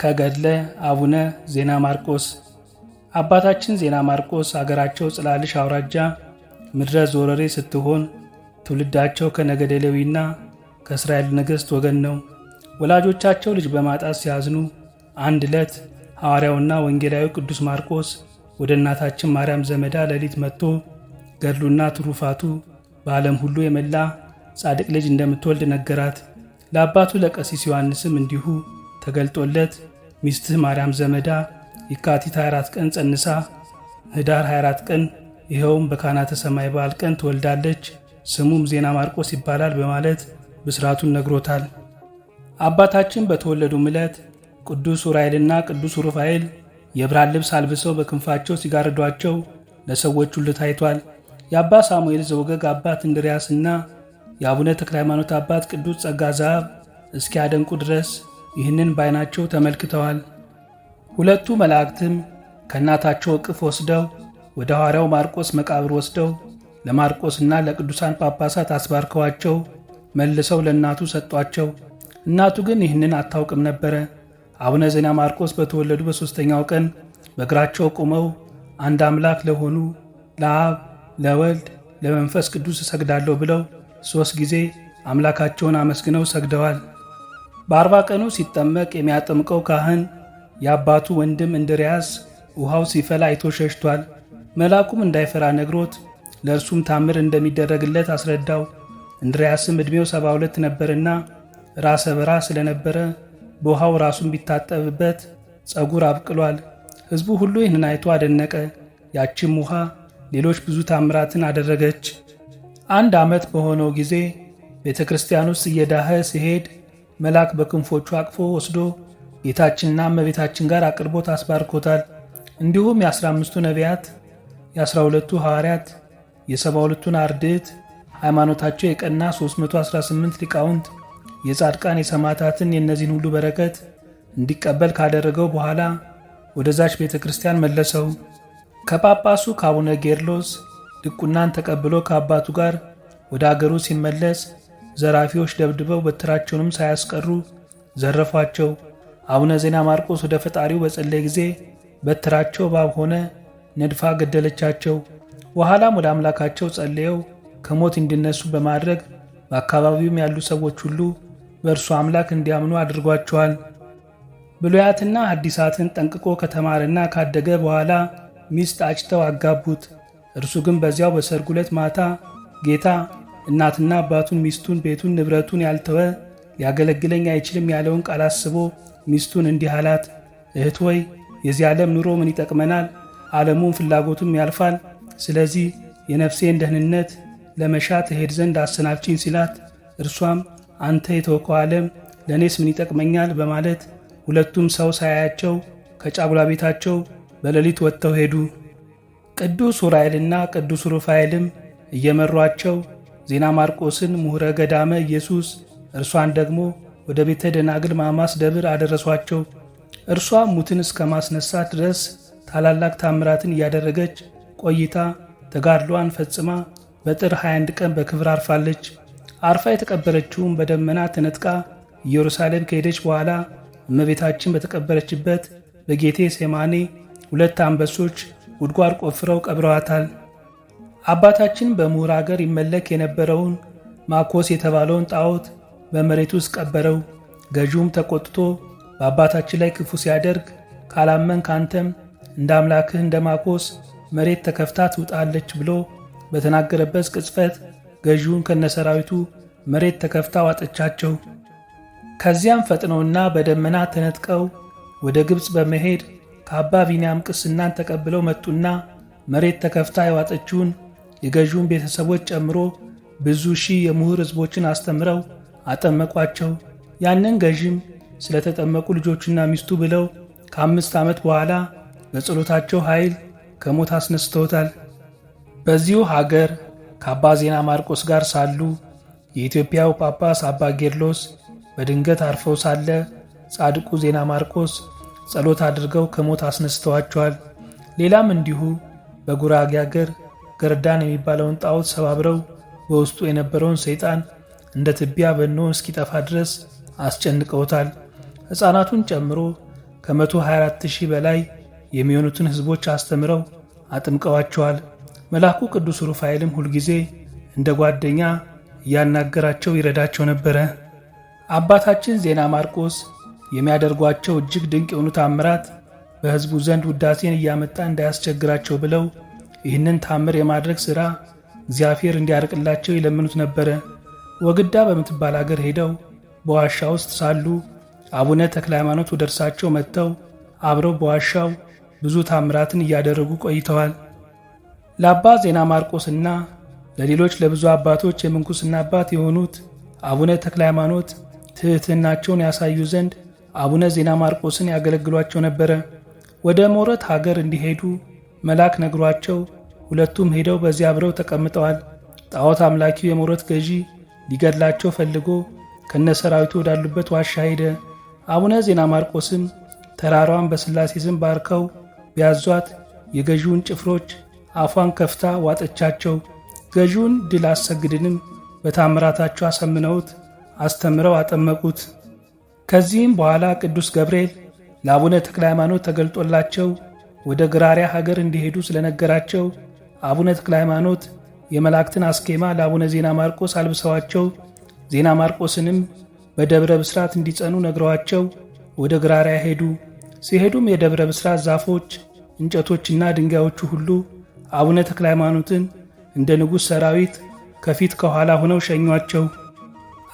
ከገድለ አቡነ ዜና ማርቆስ አባታችን ዜና ማርቆስ አገራቸው ጽላልሽ አውራጃ ምድረ ዞረሬ ስትሆን ትውልዳቸው ከነገደ ሌዊና ከእስራኤል ነገሥት ወገን ነው። ወላጆቻቸው ልጅ በማጣት ሲያዝኑ አንድ ዕለት ሐዋርያውና ወንጌላዊ ቅዱስ ማርቆስ ወደ እናታችን ማርያም ዘመዳ ሌሊት መጥቶ ገድሉና ትሩፋቱ በዓለም ሁሉ የመላ ጻድቅ ልጅ እንደምትወልድ ነገራት። ለአባቱ ለቀሲስ ዮሐንስም እንዲሁ ተገልጦለት ሚስትህ ማርያም ዘመዳ የካቲት 24 ቀን ጸንሳ ህዳር 24 ቀን ይኸውም በካህናተ ሰማይ በዓል ቀን ትወልዳለች፣ ስሙም ዜና ማርቆስ ይባላል በማለት ብስራቱን ነግሮታል። አባታችን በተወለዱ ዕለት ቅዱስ ዑራኤልና ቅዱስ ሩፋኤል የብርሃን ልብስ አልብሰው በክንፋቸው ሲጋርዷቸው ለሰዎች ሁሉ ታይቷል። የአባ ሳሙኤል ዘወገግ አባት እንድርያስና የአቡነ ተክለ ሃይማኖት አባት ቅዱስ ጸጋ ዘአብ እስኪያደንቁ ድረስ ይህንን ባይናቸው ተመልክተዋል። ሁለቱ መላእክትም ከእናታቸው እቅፍ ወስደው ወደ ሐዋርያው ማርቆስ መቃብር ወስደው ለማርቆስና ለቅዱሳን ጳጳሳት አስባርከዋቸው መልሰው ለእናቱ ሰጧቸው። እናቱ ግን ይህንን አታውቅም ነበረ። አቡነ ዜና ማርቆስ በተወለዱ በሦስተኛው ቀን በእግራቸው ቆመው አንድ አምላክ ለሆኑ ለአብ ለወልድ ለመንፈስ ቅዱስ እሰግዳለሁ ብለው ሦስት ጊዜ አምላካቸውን አመስግነው ሰግደዋል። በአርባ ቀኑ ሲጠመቅ የሚያጠምቀው ካህን የአባቱ ወንድም እንድርያስ ውሃው ሲፈላ አይቶ ሸሽቷል። መልአኩም እንዳይፈራ ነግሮት ለእርሱም ታምር እንደሚደረግለት አስረዳው። እንድርያስም ዕድሜው ሰባ ነበርና ራሰ በራ ስለነበረ በውሃው ራሱን ቢታጠብበት ጸጉር አብቅሏል። ሕዝቡ ሁሉ ይህንን አይቶ አደነቀ። ያችም ውሃ ሌሎች ብዙ ታምራትን አደረገች። አንድ ዓመት በሆነው ጊዜ ቤተ ክርስቲያን ውስጥ እየዳኸ ሲሄድ መልአክ በክንፎቹ አቅፎ ወስዶ ጌታችንና እመቤታችን ጋር አቅርቦት አስባርኮታል። እንዲሁም የአስራ አምስቱ ነቢያት፣ የ12ቱ ቱ ሐዋርያት፣ የሰባ ሁለቱን አርድእት፣ ሃይማኖታቸው የቀና 318 ሊቃውንት፣ የጻድቃን የሰማዕታትን የእነዚህን ሁሉ በረከት እንዲቀበል ካደረገው በኋላ ወደዛች ቤተ ክርስቲያን መለሰው። ከጳጳሱ ከአቡነ ጌርሎስ ድቁናን ተቀብሎ ከአባቱ ጋር ወደ አገሩ ሲመለስ ዘራፊዎች ደብድበው በትራቸውንም ሳያስቀሩ ዘረፏቸው። አቡነ ዜና ማርቆስ ወደ ፈጣሪው በጸለየ ጊዜ በትራቸው እባብ ሆነ፣ ነድፋ ገደለቻቸው። በኋላም ወደ አምላካቸው ጸልየው ከሞት እንዲነሱ በማድረግ በአካባቢውም ያሉ ሰዎች ሁሉ በእርሱ አምላክ እንዲያምኑ አድርጓቸዋል። ብሉያትና አዲሳትን ጠንቅቆ ከተማረና ካደገ በኋላ ሚስት አጭተው አጋቡት። እርሱ ግን በዚያው በሰርጉ ዕለት ማታ ጌታ እናትና አባቱን፣ ሚስቱን፣ ቤቱን፣ ንብረቱን ያልተወ ሊያገለግለኝ አይችልም ያለውን ቃል አስቦ ሚስቱን እንዲህ አላት፣ እህት ወይ የዚህ ዓለም ኑሮ ምን ይጠቅመናል? ዓለሙን ፍላጎቱም ያልፋል። ስለዚህ የነፍሴን ደህንነት ለመሻት እሄድ ዘንድ አሰናብችኝ ሲላት፣ እርሷም አንተ የተወከው ዓለም ለእኔስ ምን ይጠቅመኛል? በማለት ሁለቱም ሰው ሳያያቸው ከጫጉላ ቤታቸው በሌሊት ወጥተው ሄዱ። ቅዱስ ሁራይልና ቅዱስ ሩፋኤልም እየመሯቸው ዜና ማርቆስን ምሁረ ገዳመ ኢየሱስ እርሷን ደግሞ ወደ ቤተ ደናግል ማማስ ደብር አደረሷቸው። እርሷ ሙትን እስከ ማስነሳት ድረስ ታላላቅ ታምራትን እያደረገች ቆይታ ተጋድሏን ፈጽማ በጥር 21 ቀን በክብር አርፋለች። አርፋ የተቀበረችውም በደመና ተነጥቃ ኢየሩሳሌም ከሄደች በኋላ እመቤታችን በተቀበረችበት በጌቴ ሴማኔ ሁለት አንበሶች ጉድጓድ ቆፍረው ቀብረዋታል። አባታችን በምሁር አገር ይመለክ የነበረውን ማኮስ የተባለውን ጣዖት በመሬት ውስጥ ቀበረው። ገዢውም ተቆጥቶ በአባታችን ላይ ክፉ ሲያደርግ ካላመን ካንተም እንደ አምላክህ እንደ ማኮስ መሬት ተከፍታ ትውጣለች ብሎ በተናገረበት ቅጽበት ገዢውን ከነሰራዊቱ መሬት ተከፍታ ዋጠቻቸው። ከዚያም ፈጥነውና በደመና ተነጥቀው ወደ ግብፅ በመሄድ ከአባ ቢንያም ቅስናን ተቀብለው መጡና መሬት ተከፍታ የዋጠችውን የገዢውን ቤተሰቦች ጨምሮ ብዙ ሺህ የምሁር ሕዝቦችን አስተምረው አጠመቋቸው። ያንን ገዢም ስለተጠመቁ ልጆቹና ሚስቱ ብለው ከአምስት ዓመት በኋላ በጸሎታቸው ኃይል ከሞት አስነስተውታል። በዚሁ ሀገር ከአባ ዜና ማርቆስ ጋር ሳሉ የኢትዮጵያው ጳጳስ አባ ጌርሎስ በድንገት አርፈው ሳለ ጻድቁ ዜና ማርቆስ ጸሎት አድርገው ከሞት አስነስተዋቸዋል። ሌላም እንዲሁ በጉራጌ አገር ገርዳን የሚባለውን ጣዖት ሰባብረው በውስጡ የነበረውን ሰይጣን እንደ ትቢያ በኖ እስኪጠፋ ድረስ አስጨንቀውታል። ሕፃናቱን ጨምሮ ከ124 ሺህ በላይ የሚሆኑትን ሕዝቦች አስተምረው አጥምቀዋቸዋል። መልአኩ ቅዱስ ሩፋኤልም ሁልጊዜ እንደ ጓደኛ እያናገራቸው ይረዳቸው ነበረ። አባታችን ዜና ማርቆስ የሚያደርጓቸው እጅግ ድንቅ የሆኑ ታምራት በሕዝቡ ዘንድ ውዳሴን እያመጣ እንዳያስቸግራቸው ብለው ይህንን ታምር የማድረግ ሥራ እግዚአብሔር እንዲያርቅላቸው ይለምኑት ነበረ። ወግዳ በምትባል አገር ሄደው በዋሻ ውስጥ ሳሉ አቡነ ተክለ ሃይማኖት ወደ እርሳቸው መጥተው አብረው በዋሻው ብዙ ታምራትን እያደረጉ ቆይተዋል። ለአባ ዜና ማርቆስና ለሌሎች ለብዙ አባቶች የምንኩስና አባት የሆኑት አቡነ ተክለ ሃይማኖት ትሕትናቸውን ያሳዩ ዘንድ አቡነ ዜና ማርቆስን ያገለግሏቸው ነበረ። ወደ ሞረት ሀገር እንዲሄዱ መልአክ ነግሯቸው ሁለቱም ሄደው በዚያ አብረው ተቀምጠዋል። ጣዖት አምላኪው የሞሮት ገዢ ሊገድላቸው ፈልጎ ከነ ሰራዊቱ ወዳሉበት ዋሻ ሄደ። አቡነ ዜና ማርቆስም ተራሯን በስላሴ ዝም ባርከው ቢያዟት የገዢውን ጭፍሮች አፏን ከፍታ ዋጠቻቸው። ገዢውን ድል አሰግድንም በታምራታቸው አሰምነውት አስተምረው አጠመቁት። ከዚህም በኋላ ቅዱስ ገብርኤል ለአቡነ ተክለ ሃይማኖት ተገልጦላቸው ወደ ግራሪያ ሀገር እንዲሄዱ ስለነገራቸው አቡነ ተክለ ሃይማኖት የመላእክትን አስኬማ ለአቡነ ዜና ማርቆስ አልብሰዋቸው ዜና ማርቆስንም በደብረ ብስራት እንዲጸኑ ነግረዋቸው ወደ ግራሪያ ሄዱ። ሲሄዱም የደብረ ብስራት ዛፎች፣ እንጨቶችና ድንጋዮቹ ሁሉ አቡነ ተክለ ሃይማኖትን እንደ ንጉሥ ሰራዊት ከፊት ከኋላ ሆነው ሸኟቸው።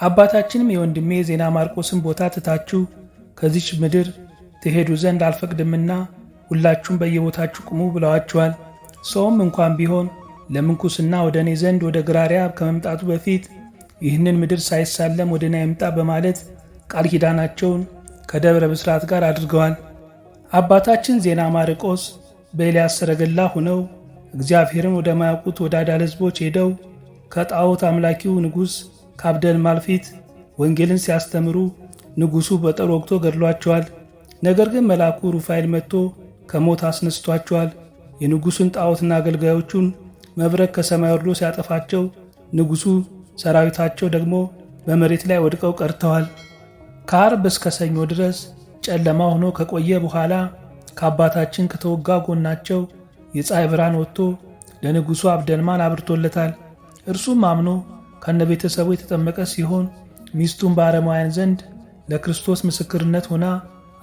አባታችንም የወንድሜ ዜና ማርቆስን ቦታ ትታችሁ ከዚች ምድር ትሄዱ ዘንድ አልፈቅድምና ሁላችሁም በየቦታችሁ ቁሙ ብለዋቸዋል። ሰውም እንኳን ቢሆን ለምንኩስና ወደ እኔ ዘንድ ወደ ግራሪያ ከመምጣቱ በፊት ይህንን ምድር ሳይሳለም ወደ እኔ አይምጣ በማለት ቃል ኪዳናቸውን ከደብረ ብስራት ጋር አድርገዋል። አባታችን ዜና ማርቆስ በኤልያስ ሰረገላ ሆነው እግዚአብሔርን ወደ ማያውቁት ወደ አዳል ሕዝቦች ሄደው ከጣዖት አምላኪው ንጉሥ ከአብደል ማልፊት ወንጌልን ሲያስተምሩ ንጉሡ በጦር ወግቶ ገድሏቸዋል። ነገር ግን መልአኩ ሩፋኤል መጥቶ ከሞት አስነስቷቸዋል። የንጉሡን ጣዖትና አገልጋዮቹን መብረቅ ከሰማይ ወርዶ ሲያጠፋቸው፣ ንጉሡ ሰራዊታቸው ደግሞ በመሬት ላይ ወድቀው ቀርተዋል። ከአርብ እስከ ሰኞ ድረስ ጨለማ ሆኖ ከቆየ በኋላ ከአባታችን ከተወጋ ጎናቸው የፀሐይ ብርሃን ወጥቶ ለንጉሡ አብደልማን አብርቶለታል። እርሱም አምኖ ከነቤተሰቡ የተጠመቀ ሲሆን ሚስቱን በአረማውያን ዘንድ ለክርስቶስ ምስክርነት ሆና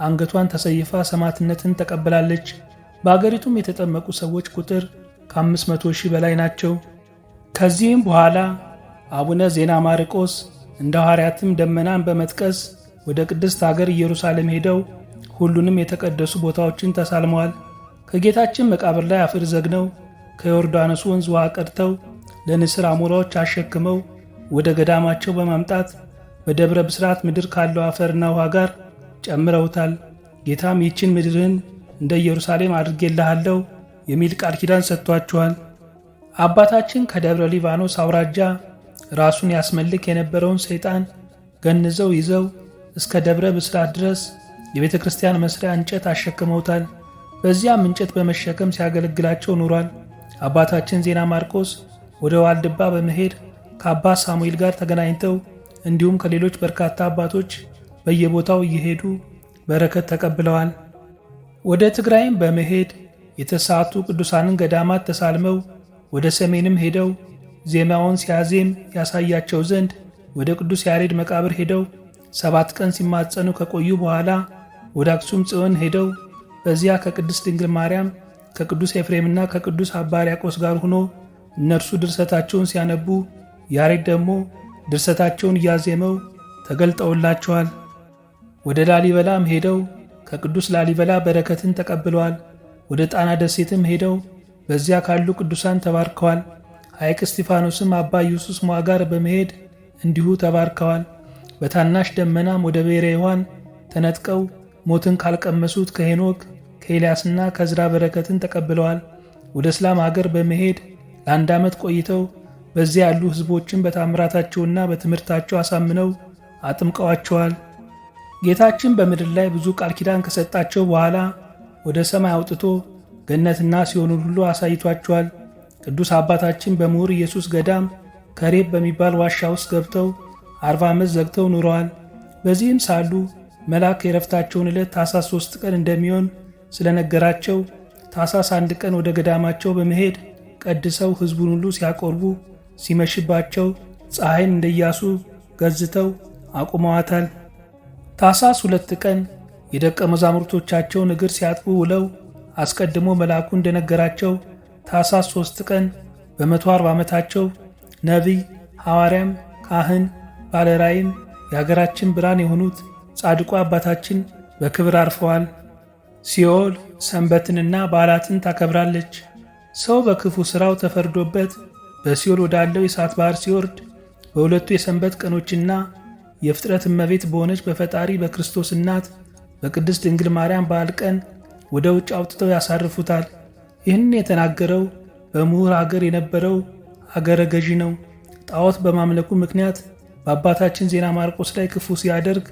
አንገቷን ተሰይፋ ሰማዕትነትን ተቀብላለች። በአገሪቱም የተጠመቁ ሰዎች ቁጥር ከ500 ሺህ በላይ ናቸው። ከዚህም በኋላ አቡነ ዜና ማርቆስ እንደ ሐዋርያትም ደመናን በመጥቀስ ወደ ቅድስት አገር ኢየሩሳሌም ሄደው ሁሉንም የተቀደሱ ቦታዎችን ተሳልመዋል። ከጌታችን መቃብር ላይ አፈር ዘግነው ከዮርዳኖስ ወንዝ ውሃ ቀድተው ለንስር አሞራዎች አሸክመው ወደ ገዳማቸው በማምጣት በደብረ ብስራት ምድር ካለው አፈርና ውሃ ጋር ጨምረውታል። ጌታም ይችን ምድርን እንደ ኢየሩሳሌም አድርጌልሃለሁ የሚል ቃል ኪዳን ሰጥቷችኋል። አባታችን ከደብረ ሊባኖስ አውራጃ ራሱን ያስመልክ የነበረውን ሰይጣን ገንዘው ይዘው እስከ ደብረ ብስራት ድረስ የቤተ ክርስቲያን መስሪያ እንጨት አሸክመውታል። በዚያም እንጨት በመሸከም ሲያገለግላቸው ኑሯል። አባታችን ዜና ማርቆስ ወደ ዋልድባ በመሄድ ከአባ ሳሙኤል ጋር ተገናኝተው እንዲሁም ከሌሎች በርካታ አባቶች በየቦታው እየሄዱ በረከት ተቀብለዋል። ወደ ትግራይም በመሄድ የተሳቱ ቅዱሳንን ገዳማት ተሳልመው ወደ ሰሜንም ሄደው ዜማውን ሲያዜም ያሳያቸው ዘንድ ወደ ቅዱስ ያሬድ መቃብር ሄደው ሰባት ቀን ሲማጸኑ ከቆዩ በኋላ ወደ አክሱም ጽዮን ሄደው በዚያ ከቅድስት ድንግል ማርያም ከቅዱስ ኤፍሬምና ከቅዱስ አባ ሕርያቆስ ጋር ሆኖ እነርሱ ድርሰታቸውን ሲያነቡ ያሬድ ደግሞ ድርሰታቸውን እያዜመው ተገልጠውላቸዋል። ወደ ላሊበላም ሄደው ከቅዱስ ላሊበላ በረከትን ተቀብለዋል። ወደ ጣና ደሴትም ሄደው በዚያ ካሉ ቅዱሳን ተባርከዋል። ሐይቅ እስጢፋኖስም አባ ኢየሱስ ሟ ጋር በመሄድ እንዲሁ ተባርከዋል። በታናሽ ደመናም ወደ ብሔረ ሕያዋን ተነጥቀው ሞትን ካልቀመሱት ከሄኖክ ከኤልያስና ከዝራ በረከትን ተቀብለዋል። ወደ እስላም አገር በመሄድ ለአንድ ዓመት ቆይተው በዚያ ያሉ ሕዝቦችን በታምራታቸውና በትምህርታቸው አሳምነው አጥምቀዋቸዋል። ጌታችን በምድር ላይ ብዙ ቃል ኪዳን ከሰጣቸው በኋላ ወደ ሰማይ አውጥቶ ገነትና ሲሆኑ ሁሉ አሳይቷቸዋል። ቅዱስ አባታችን በምሁር ኢየሱስ ገዳም ከሬብ በሚባል ዋሻ ውስጥ ገብተው አርባ ዓመት ዘግተው ኑረዋል። በዚህም ሳሉ መልአክ የረፍታቸውን ዕለት ታኅሳስ ሦስት ቀን እንደሚሆን ስለነገራቸው ታኅሳስ አንድ ቀን ወደ ገዳማቸው በመሄድ ቀድሰው ሕዝቡን ሁሉ ሲያቆርቡ ሲመሽባቸው ፀሐይን እንደያሱ ገዝተው አቁመዋታል። ታሳስ ሁለት ቀን የደቀ መዛሙርቶቻቸውን እግር ሲያጥቡ ውለው አስቀድሞ መልአኩ እንደነገራቸው ታሳስ ሦስት ቀን በመቶ አርባ ዓመታቸው ነቢይ፣ ሐዋርያም፣ ካህን፣ ባለራይም የአገራችን ብርሃን የሆኑት ጻድቁ አባታችን በክብር አርፈዋል። ሲኦል ሰንበትንና በዓላትን ታከብራለች። ሰው በክፉ ሥራው ተፈርዶበት በሲኦል ወዳለው የእሳት ባሕር ሲወርድ በሁለቱ የሰንበት ቀኖችና የፍጥረት እመቤት በሆነች በፈጣሪ በክርስቶስ እናት በቅድስት ድንግል ማርያም በዓል ቀን ወደ ውጭ አውጥተው ያሳርፉታል። ይህን የተናገረው በምሁር ሀገር የነበረው አገረ ገዢ ነው። ጣዖት በማምለኩ ምክንያት በአባታችን ዜና ማርቆስ ላይ ክፉ ሲያደርግ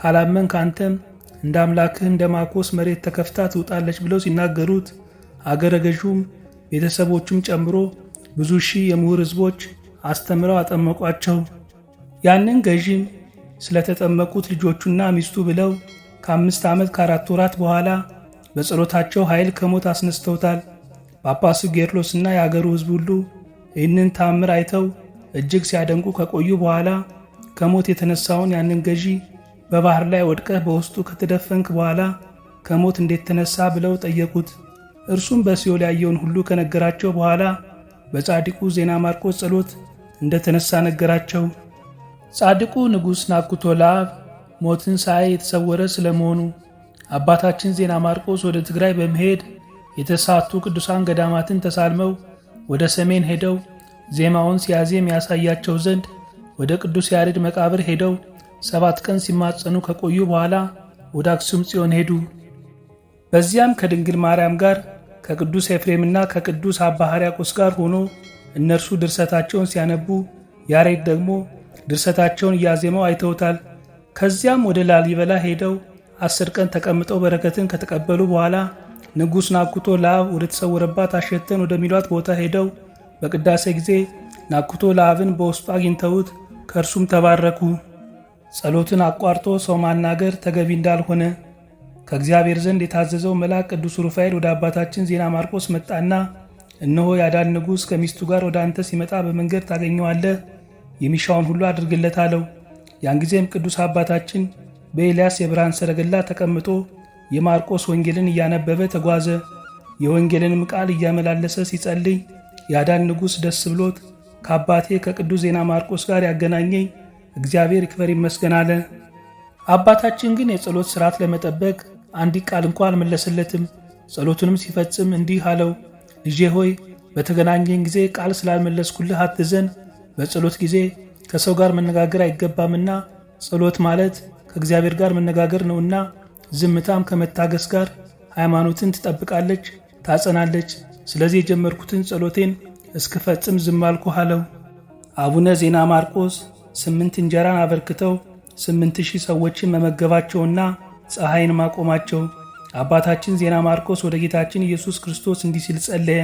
ካላመን ካንተም እንደ አምላክህ እንደ ማኮስ መሬት ተከፍታ ትውጣለች ብለው ሲናገሩት አገረ ገዢውም ቤተሰቦቹም ጨምሮ ብዙ ሺህ የምሁር ሕዝቦች አስተምረው አጠመቋቸው። ያንን ገዢም ስለተጠመቁት ልጆቹና ሚስቱ ብለው ከአምስት ዓመት ከአራት ወራት በኋላ በጸሎታቸው ኃይል ከሞት አስነስተውታል። ጳጳሱ ጌርሎስና የአገሩ ሕዝብ ሁሉ ይህንን ታምር አይተው እጅግ ሲያደንቁ ከቆዩ በኋላ ከሞት የተነሳውን ያንን ገዢ በባህር ላይ ወድቀህ በውስጡ ከተደፈንክ በኋላ ከሞት እንዴት ተነሳ ብለው ጠየቁት። እርሱም በሲኦል ያየውን ሁሉ ከነገራቸው በኋላ በጻድቁ ዜና ማርቆስ ጸሎት እንደተነሳ ነገራቸው። ጻድቁ ንጉሥ ናኩቶ ለአብ ሞትን ሳይ የተሰወረ ስለመሆኑ አባታችን ዜና ማርቆስ ወደ ትግራይ በመሄድ የተሳቱ ቅዱሳን ገዳማትን ተሳልመው ወደ ሰሜን ሄደው ዜማውን ሲያዜም ያሳያቸው ዘንድ ወደ ቅዱስ ያሬድ መቃብር ሄደው ሰባት ቀን ሲማጸኑ ከቆዩ በኋላ ወደ አክሱም ጽዮን ሄዱ። በዚያም ከድንግል ማርያም ጋር ከቅዱስ ኤፍሬምና ከቅዱስ አባ ሕርያቆስ ጋር ሆኖ እነርሱ ድርሰታቸውን ሲያነቡ ያሬድ ደግሞ ድርሰታቸውን እያዜመው አይተውታል። ከዚያም ወደ ላሊበላ ሄደው አስር ቀን ተቀምጠው በረከትን ከተቀበሉ በኋላ ንጉሥ ናኩቶ ለአብ ወደ ተሰወረባት አሸተን ወደሚሏት ቦታ ሄደው በቅዳሴ ጊዜ ናኩቶ ለአብን በውስጡ አግኝተውት ከእርሱም ተባረኩ። ጸሎትን አቋርጦ ሰው ማናገር ተገቢ እንዳልሆነ ከእግዚአብሔር ዘንድ የታዘዘው መልአክ ቅዱስ ሩፋኤል ወደ አባታችን ዜና ማርቆስ መጣና እነሆ ያዳን ንጉሥ ከሚስቱ ጋር ወደ አንተ ሲመጣ በመንገድ ታገኘዋለህ የሚሻውን ሁሉ አድርግለት አለው። ያን ጊዜም ቅዱስ አባታችን በኤልያስ የብርሃን ሰረገላ ተቀምጦ የማርቆስ ወንጌልን እያነበበ ተጓዘ። የወንጌልንም ቃል እያመላለሰ ሲጸልይ የአዳን ንጉሥ ደስ ብሎት ከአባቴ ከቅዱስ ዜና ማርቆስ ጋር ያገናኘኝ እግዚአብሔር ይክበር ይመስገን አለ። አባታችን ግን የጸሎት ሥርዓት ለመጠበቅ አንዲት ቃል እንኳ አልመለሰለትም። ጸሎቱንም ሲፈጽም እንዲህ አለው፣ ልጄ ሆይ በተገናኘን ጊዜ ቃል ስላልመለስኩልህ አትዘን በጸሎት ጊዜ ከሰው ጋር መነጋገር አይገባምና ጸሎት ማለት ከእግዚአብሔር ጋር መነጋገር ነውና፣ ዝምታም ከመታገስ ጋር ሃይማኖትን ትጠብቃለች፣ ታጸናለች። ስለዚህ የጀመርኩትን ጸሎቴን እስክፈጽም ዝም አልኩህ አለው። አቡነ ዜና ማርቆስ ስምንት እንጀራን አበርክተው ስምንት ሺህ ሰዎችን መመገባቸውና ፀሐይን ማቆማቸው። አባታችን ዜና ማርቆስ ወደ ጌታችን ኢየሱስ ክርስቶስ እንዲህ ሲል ጸለየ።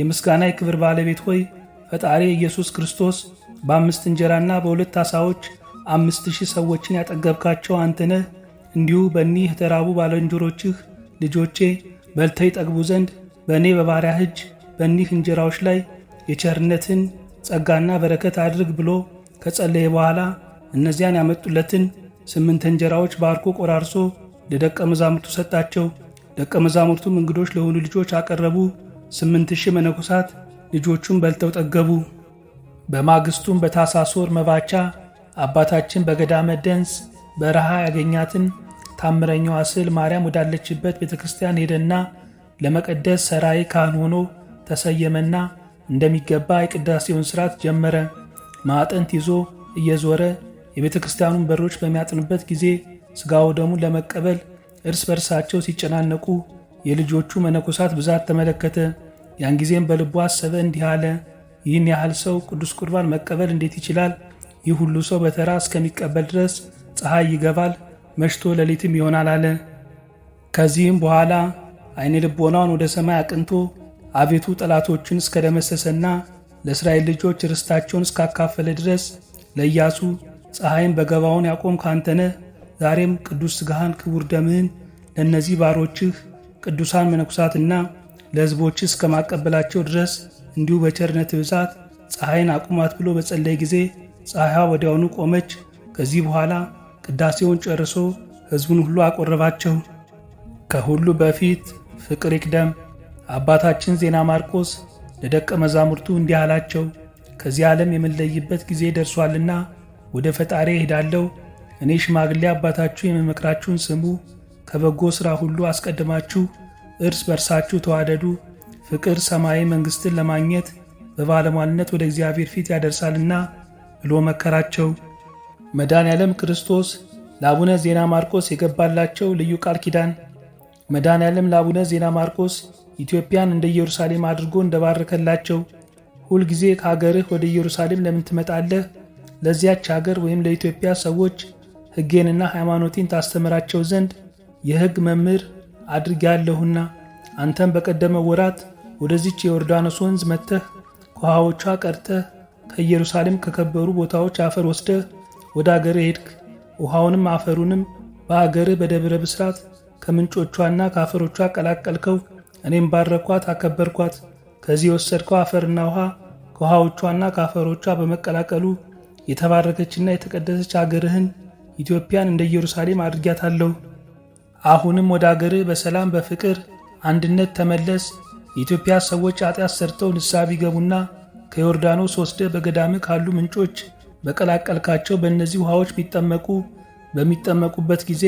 የምስጋና የክብር ባለቤት ሆይ ፈጣሪ ኢየሱስ ክርስቶስ በአምስት እንጀራና በሁለት ዓሣዎች አምስት ሺህ ሰዎችን ያጠገብካቸው አንተነህ እንዲሁ በእኒህ የተራቡ ባልንጀሮችህ ልጆቼ በልተው ይጠግቡ ዘንድ በእኔ በባሪያ እጅ በእኒህ እንጀራዎች ላይ የቸርነትን ጸጋና በረከት አድርግ ብሎ ከጸለየ በኋላ እነዚያን ያመጡለትን ስምንት እንጀራዎች ባርኮ ቆራርሶ ለደቀ መዛሙርቱ ሰጣቸው። ደቀ መዛሙርቱም እንግዶች ለሆኑ ልጆች አቀረቡ። ስምንት ሺህ መነኮሳት ልጆቹም በልተው ጠገቡ። በማግስቱም በታኅሳስ ወር መባቻ አባታችን በገዳመ ደንስ በረሃ ያገኛትን ታምረኛዋ ስዕል ማርያም ወዳለችበት ቤተ ክርስቲያን ሄደና ለመቀደስ ሰራይ ካህን ሆኖ ተሰየመና እንደሚገባ የቅዳሴውን ሥርዓት ጀመረ። ማዕጠንት ይዞ እየዞረ የቤተ ክርስቲያኑን በሮች በሚያጥንበት ጊዜ ስጋው ወደሙን ለመቀበል እርስ በርሳቸው ሲጨናነቁ የልጆቹ መነኮሳት ብዛት ተመለከተ። ያን ጊዜም በልቡ አሰበ እንዲህ አለ፣ ይህን ያህል ሰው ቅዱስ ቁርባን መቀበል እንዴት ይችላል? ይህ ሁሉ ሰው በተራ እስከሚቀበል ድረስ ፀሐይ ይገባል፣ መሽቶ ሌሊትም ይሆናል አለ። ከዚህም በኋላ ዓይነ ልቦናውን ወደ ሰማይ አቅንቶ አቤቱ ጠላቶችን እስከደመሰሰና ለእስራኤል ልጆች ርስታቸውን እስካካፈለ ድረስ ለኢያሱ ፀሐይን በገባውን ያቆም ካንተነ ዛሬም ቅዱስ ሥጋህን ክቡር ደምህን ለእነዚህ ባሮችህ ቅዱሳን መነኩሳትና ለሕዝቦች እስከማቀበላቸው ድረስ እንዲሁ በቸርነት ብዛት ፀሐይን አቁማት ብሎ በጸለይ ጊዜ ፀሐይዋ ወዲያውኑ ቆመች። ከዚህ በኋላ ቅዳሴውን ጨርሶ ሕዝቡን ሁሉ አቆረባቸው። ከሁሉ በፊት ፍቅር ይቅደም። አባታችን ዜና ማርቆስ ለደቀ መዛሙርቱ እንዲህ አላቸው፣ ከዚህ ዓለም የምንለይበት ጊዜ ደርሷልና ወደ ፈጣሪ እሄዳለሁ። እኔ ሽማግሌ አባታችሁ የምመክራችሁን ስሙ። ከበጎ ሥራ ሁሉ አስቀድማችሁ እርስ በርሳችሁ ተዋደዱ። ፍቅር ሰማያዊ መንግሥትን ለማግኘት በባለሟልነት ወደ እግዚአብሔር ፊት ያደርሳልና ብሎ መከራቸው። መዳን ያለም ክርስቶስ ለአቡነ ዜና ማርቆስ የገባላቸው ልዩ ቃል ኪዳን። መዳን ያለም ለአቡነ ዜና ማርቆስ ኢትዮጵያን እንደ ኢየሩሳሌም አድርጎ እንደባረከላቸው ሁልጊዜ ከአገርህ ወደ ኢየሩሳሌም ለምን ትመጣለህ? ለዚያች አገር ወይም ለኢትዮጵያ ሰዎች ሕጌንና ሃይማኖቴን ታስተምራቸው ዘንድ የሕግ መምህር አድርጌአለሁና አንተም በቀደመ ወራት ወደዚች የዮርዳኖስ ወንዝ መጥተህ ከውሃዎቿ ቀድተህ ከኢየሩሳሌም ከከበሩ ቦታዎች አፈር ወስደህ ወደ አገር ሄድክ። ውሃውንም አፈሩንም በአገርህ በደብረ ብስራት ከምንጮቿና ከአፈሮቿ ቀላቀልከው። እኔም ባረኳት፣ አከበርኳት። ከዚህ የወሰድከው አፈርና ውሃ ከውሃዎቿና ከአፈሮቿ በመቀላቀሉ የተባረከችና የተቀደሰች አገርህን ኢትዮጵያን እንደ ኢየሩሳሌም አድርጊያታለሁ። አሁንም ወደ አገርህ በሰላም በፍቅር አንድነት ተመለስ። የኢትዮጵያ ሰዎች ኃጢአት ሰርተው ንስሐ ቢገቡና ከዮርዳኖስ ወስደህ በገዳም ካሉ ምንጮች በቀላቀልካቸው በእነዚህ ውሃዎች ቢጠመቁ በሚጠመቁበት ጊዜ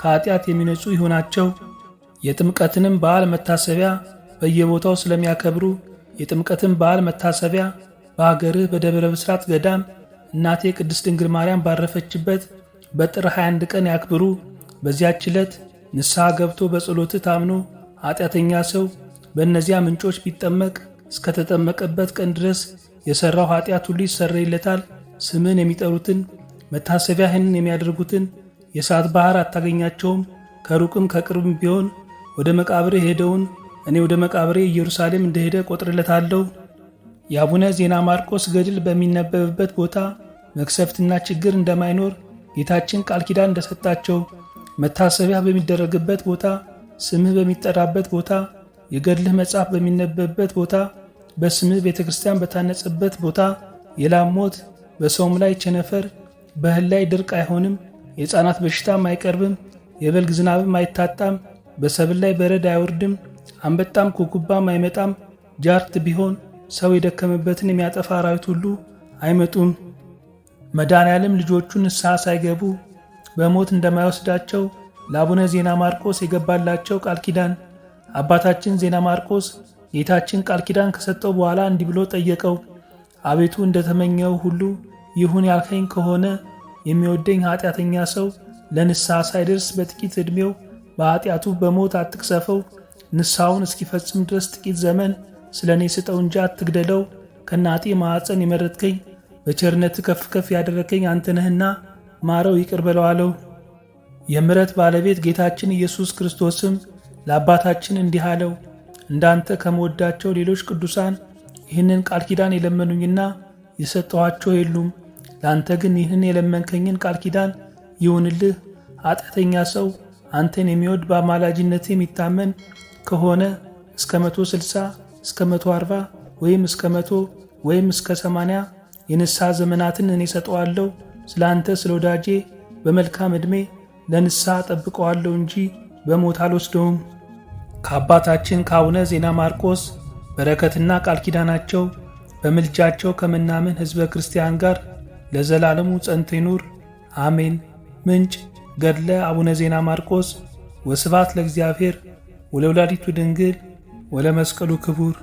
ከኃጢአት የሚነጹ ይሆናቸው። የጥምቀትንም በዓል መታሰቢያ በየቦታው ስለሚያከብሩ የጥምቀትን በዓል መታሰቢያ በአገርህ በደብረ ብስራት ገዳም እናቴ ቅድስት ድንግል ማርያም ባረፈችበት በጥር 21 ቀን ያክብሩ። በዚያች ዕለት ንስሐ ገብቶ በጸሎት ታምኖ ኃጢአተኛ ሰው በእነዚያ ምንጮች ቢጠመቅ እስከተጠመቀበት ቀን ድረስ የሠራው ኃጢአት ሁሉ ይሰረይለታል። ስምን የሚጠሩትን መታሰቢያህንን የሚያደርጉትን የእሳት ባሕር አታገኛቸውም። ከሩቅም ከቅርብም ቢሆን ወደ መቃብሬ ሄደውን እኔ ወደ መቃብሬ ኢየሩሳሌም እንደሄደ ቆጥርለታለሁ። የአቡነ ዜና ማርቆስ ገድል በሚነበብበት ቦታ መክሰፍትና ችግር እንደማይኖር ጌታችን ቃል ኪዳን እንደሰጣቸው መታሰቢያ በሚደረግበት ቦታ፣ ስምህ በሚጠራበት ቦታ፣ የገድልህ መጽሐፍ በሚነበብበት ቦታ፣ በስምህ ቤተ ክርስቲያን በታነጸበት ቦታ የላም ሞት በሰውም ላይ ቸነፈር፣ በእህል ላይ ድርቅ አይሆንም፣ የሕፃናት በሽታም አይቀርብም፣ የበልግ ዝናብም አይታጣም፣ በሰብል ላይ በረድ አይወርድም፣ አንበጣም ኩኩባም አይመጣም። ጃርት ቢሆን ሰው የደከመበትን የሚያጠፋ አራዊት ሁሉ አይመጡም። መድኃኔዓለም ልጆቹን ንስሐ ሳይገቡ በሞት እንደማይወስዳቸው ለአቡነ ዜና ማርቆስ የገባላቸው ቃል ኪዳን አባታችን ዜና ማርቆስ ጌታችን ቃል ኪዳን ከሰጠው በኋላ እንዲህ ብሎ ጠየቀው። አቤቱ እንደተመኘው ሁሉ ይሁን ያልከኝ ከሆነ የሚወደኝ ኃጢአተኛ ሰው ለንስሐ ሳይደርስ በጥቂት ዕድሜው በኃጢአቱ በሞት አትቅሰፈው። ንስሐውን እስኪፈጽም ድረስ ጥቂት ዘመን ስለ እኔ ስጠው እንጂ አትግደለው። ከናጤ ማዕፀን የመረጥከኝ በቸርነት ከፍ ከፍ ያደረከኝ አንተ ነህና ማረው ይቅር በለው አለው። ባለቤት ጌታችን ኢየሱስ ክርስቶስም ለአባታችን እንዲህ አለው፣ እንዳንተ ከምወዳቸው ሌሎች ቅዱሳን ይህንን ቃል ኪዳን የለመኑኝና የሰጠኋቸው የሉም። ለአንተ ግን ይህን የለመንከኝን ቃል ኪዳን ይሁንልህ። ኃጢአተኛ ሰው አንተን የሚወድ በአማላጅነት የሚታመን ከሆነ እስከ 160 እስከ 140 ወይም እስከ መቶ ወይም እስከ 80 የንስሐ ዘመናትን እኔ ሰጠዋለሁ። ስለ አንተ ስለ ወዳጄ በመልካም ዕድሜ ለንስሐ ጠብቀዋለሁ እንጂ በሞት አልወስደውም። ከአባታችን ከአቡነ ዜና ማርቆስ በረከትና ቃል ኪዳናቸው በምልጃቸው ከምናምን ሕዝበ ክርስቲያን ጋር ለዘላለሙ ጸንቶ ይኑር አሜን። ምንጭ ገድለ አቡነ ዜና ማርቆስ። ወስባት ለእግዚአብሔር ወለወላዲቱ ድንግል ወለመስቀሉ ክቡር